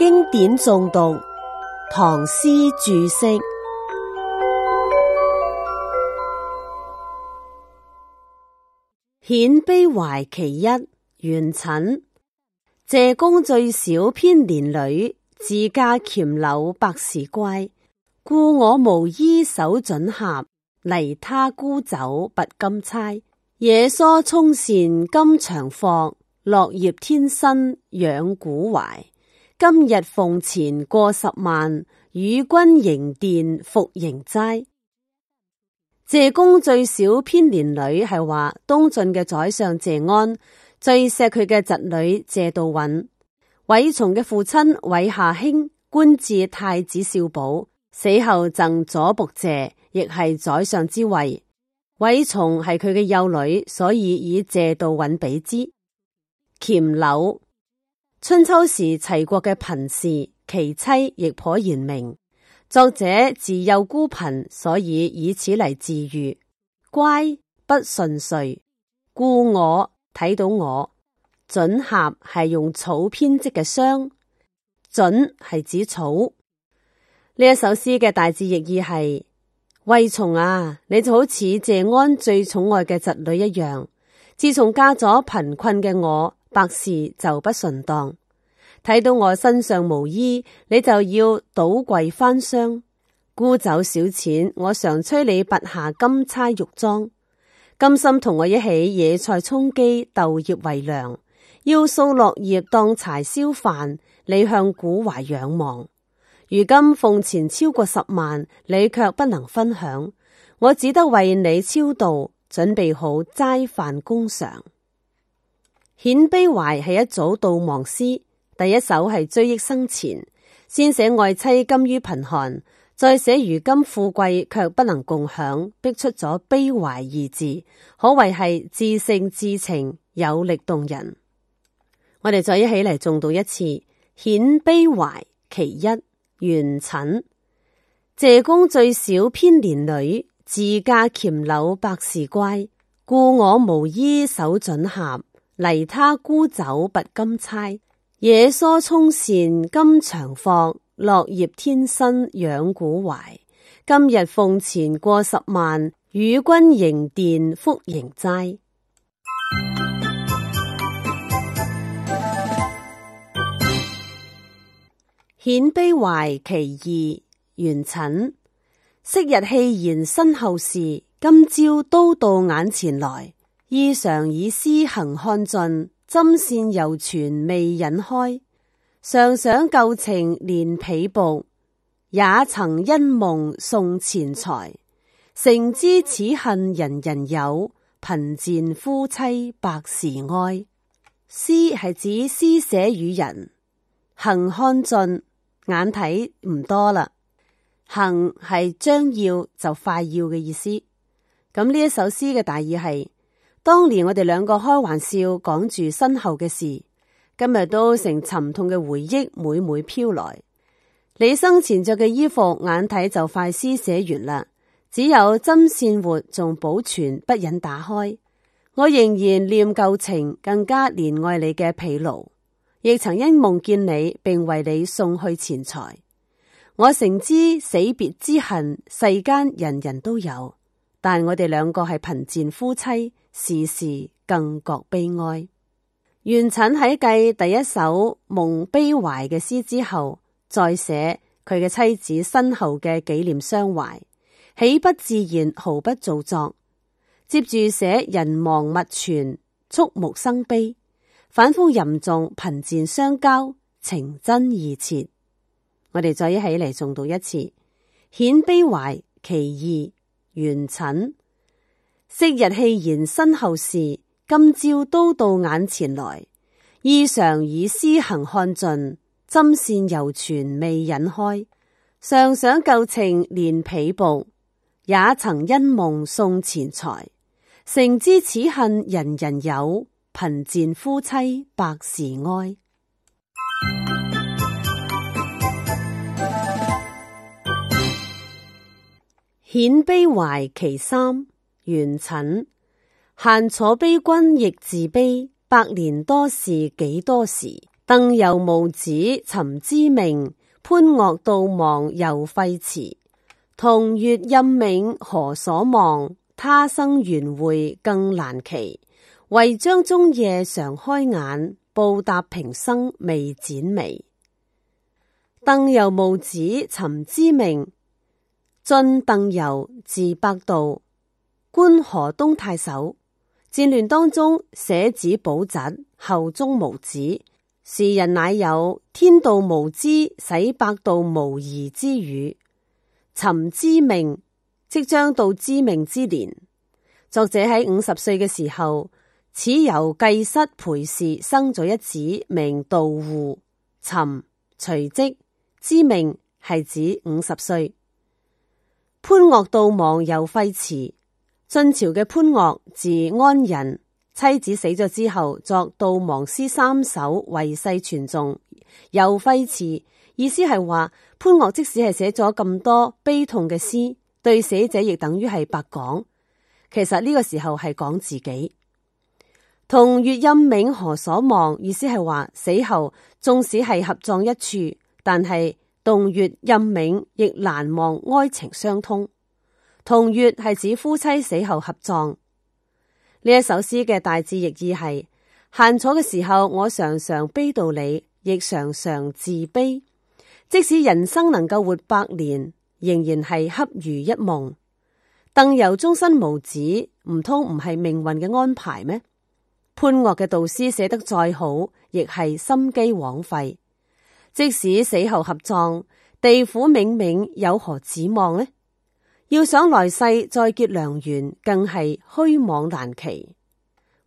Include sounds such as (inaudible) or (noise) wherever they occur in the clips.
經典誦讀，唐詩注釋《遣悲懷》其一，元稹。謝公最小偏憐女，自嫁黔婁百事乖。顧我無衣搜荩箧，泥他沽酒拔金釵。野蔬充膳甘長藿，落葉添薪仰古槐。今日俸錢過十萬，與君營奠復營齋。謝公最小偏憐女，係話東晉嘅宰相謝安最錫佢嘅侄女謝道韞。韋叢嘅父親韋夏卿官至太子少保，死後贈左僕射，亦係宰相之位。韋叢係佢嘅幼女，所以以謝道韞比之。黔婁。春秋時齊國嘅貧士，其妻亦頗賢明。作者自幼孤貧，所以以此嚟自喻。乖，不順遂，故我睇到我藎篋係用草編織嘅箱，藎係指草。呢一首詩嘅大致意義係：韋叢啊，你就好似謝安最寵愛嘅侄女一樣。自從嫁咗貧困嘅我。百事就不順當，睇到我身上無衣，你就要倒櫃翻箱沽酒小錢。我常催你拔下金釵玉妝，甘心同我一起野菜充飢，豆葉為糧。要掃落葉當柴燒飯，你向古槐仰望。如今奉錢超過十萬，你卻不能分享，我只得為你超度，準備好齋飯供嘗。遣悲懷係一組悼亡詩，第一首係追憶生前，先寫愛妻甘於貧寒，再寫如今富貴卻不能共享，逼出咗悲懷二字，可謂係至性至情，有力動人。我哋再一起嚟重讀一次《遣悲懷》，其一元稹：謝公最小偏憐女，自嫁黔婁百事乖，故我無衣守准俠。泥他沽酒拔金釵，野蔬充膳甘長藿，落葉添薪仰古槐。今日俸錢過十萬，與君營奠復營齋。遣 (noise) 悲懷其二元稹，昔日戲言身後事，今朝都到眼前來。衣裳已施行看盡，針線猶存未忍開，尚想舊情憐婢僕，也曾因夢送錢財。誠知此恨人人有，貧賤夫妻百事哀。施係指施捨與人，行看盡眼睇唔多啦。行係將要就快要嘅意思。咁呢一首詩嘅大意係。當年我哋兩個開玩笑講住身後嘅事，今日都成沉痛嘅回憶，每每飄來。你生前着嘅衣服，眼睇就快撕寫完啦，只有針線活仲保存，不忍打開。我仍然念舊情，更加憐愛你嘅疲勞，亦曾因夢見你，並為你送去錢財。我誠知死別之恨，世間人人都有，但我哋兩個係貧賤夫妻。事事更覺悲哀。元稹喺繼第一首夢悲懷嘅詩之後，再寫佢嘅妻子身後嘅紀念傷懷，豈不自然毫不造作？接住寫人亡物存，觸目生悲；反復吟重貧賤相交，情真意切。我哋再一起嚟誦讀一次《遣悲懷》其二，元稹。昔日戲言身後事，今朝都到眼前來。衣裳已施行看盡，針線猶存未忍開。尚想舊情憐婢僕，也曾因夢送錢財。誠知此恨人人有，貧賤夫妻百事哀。遣悲懷其三。元稹限楚悲君亦自悲，百年多事幾多時？鄧游墓子尋之命，潘岳道亡又廢遲。同月任命何所望？他生緣會更難期。為將終夜常開眼，報答平生未展眉。鄧游墓子尋之命，晉鄧游字百度。潘河東太守戰亂當中，捨子保姪，後終無子。時人乃有天道無知，使百度無疑之語。尋知命，即將到知命之年。作者喺五十歲嘅時候，始由繼室陪侍生咗一子，名道戶。尋隨即知命係指五十歲。潘岳道亡又廢辭。晉朝嘅潘岳，字安仁，妻子死咗之後，作悼亡詩三首，為世傳頌。又費詞，意思係話潘岳即使係寫咗咁多悲痛嘅詩，對死者亦等於係白講。其實呢個時候係講自己。同月陰冥何所望，意思係話死後，縱使係合葬一處，但係同月陰冥亦難忘，哀情相通。同月係指夫妻死後合葬。呢一首詩嘅大致意義係：閒坐嘅時候，我常常悲悼你，亦常常自卑。即使人生能夠活百年，仍然係恰如一夢。鄧攸終身無子，唔通唔係命運嘅安排咩？潘岳嘅導師寫得再好，亦係心機枉費。即使死後合葬，地府冥冥有何指望呢？要想來世再結良緣，更係虛妄難期。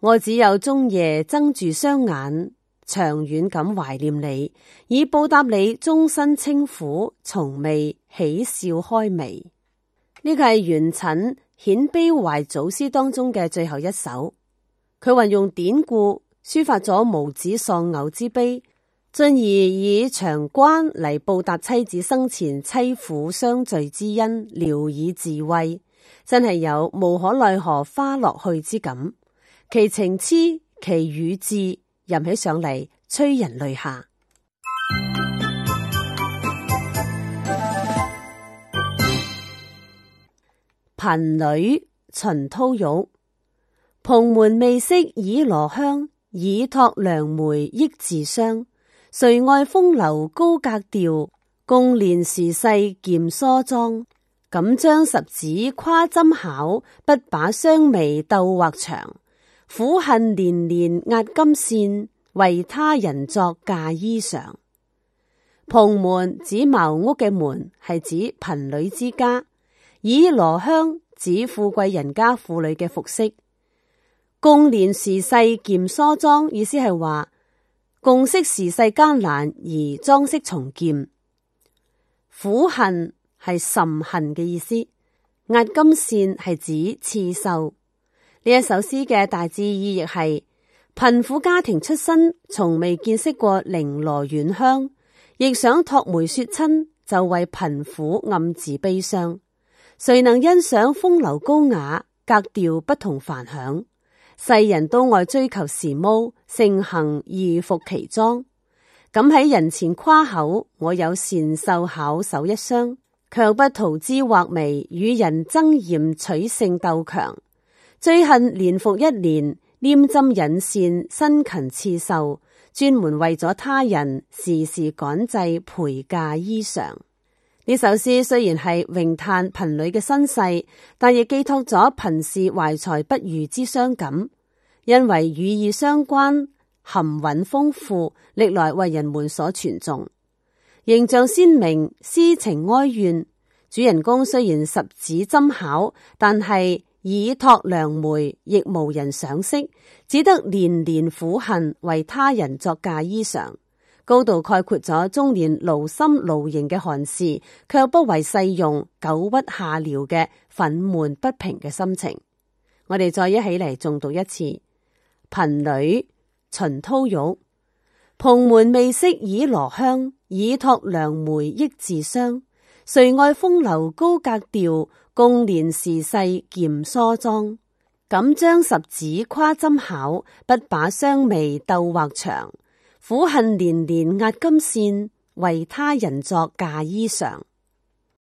我只有中夜睜住雙眼，長遠咁懷念你，以報答你終身清苦，從未喜笑開眉。呢個係元稹遣悲懷三首當中嘅最後一首，佢運用典故，抒發咗無子喪偶之悲。進而以長關嚟報答妻子生前妻婦相聚之恩，聊以自慰，真係有無可奈何花落去之感。其情痴，其語智，吟起上嚟，催人淚下。貧女秦韜玉，蓬門未識綺羅香，倚託良媒益自傷。誰愛風流高格調？共憐時世儉梳妝。敢將十指誇針巧，不把雙眉鬥畫長。苦恨年年壓金線，為他人作嫁衣裳。蓬門指茅屋嘅門，係指貧女之家。綺羅香指富貴人家婦女嘅服飾。共憐時世儉梳妝，意思係話。共識時世艱難而裝飾重建，苦恨係甚恨嘅意思。壓金線係指刺繡。呢一首詩嘅大致意義係：貧苦家庭出身，從未見識過綾羅遠香，亦想託媒說親，就為貧苦暗自悲傷。誰能欣賞風流高雅格調，不同凡響？世人都愛追求時髦。性行而服其裝，咁喺人前誇口，我有善繡巧手一雙，卻不塗脂畫眉，與人爭艷取勝鬥強。最恨年復一年，拈針引線，辛勤刺繡，專門為咗他人，時時趕製陪嫁衣裳。呢首詩雖然係詠嘆貧女嘅身世，但亦寄託咗貧士懷才不遇之傷感。因為語意相關，含蘊豐富，歷來為人們所傳頌。形象鮮明，詩情哀怨。主人公雖然十指針巧，但係以託良媒，亦無人賞識，只得年年苦恨，為他人作嫁衣裳。高度概括咗中年勞心勞形嘅寒士，卻不為世用，久屈下聊嘅憤懣不平嘅心情。我哋再一起嚟重讀一次。貧女秦韜玉，蓬門未識綺羅香，倚託良媒益自傷。誰愛風流高格調，共憐時世儉梳妝。敢將十指誇針巧，不把雙眉鬥畫長。苦恨年年壓金線，為他人作嫁衣裳。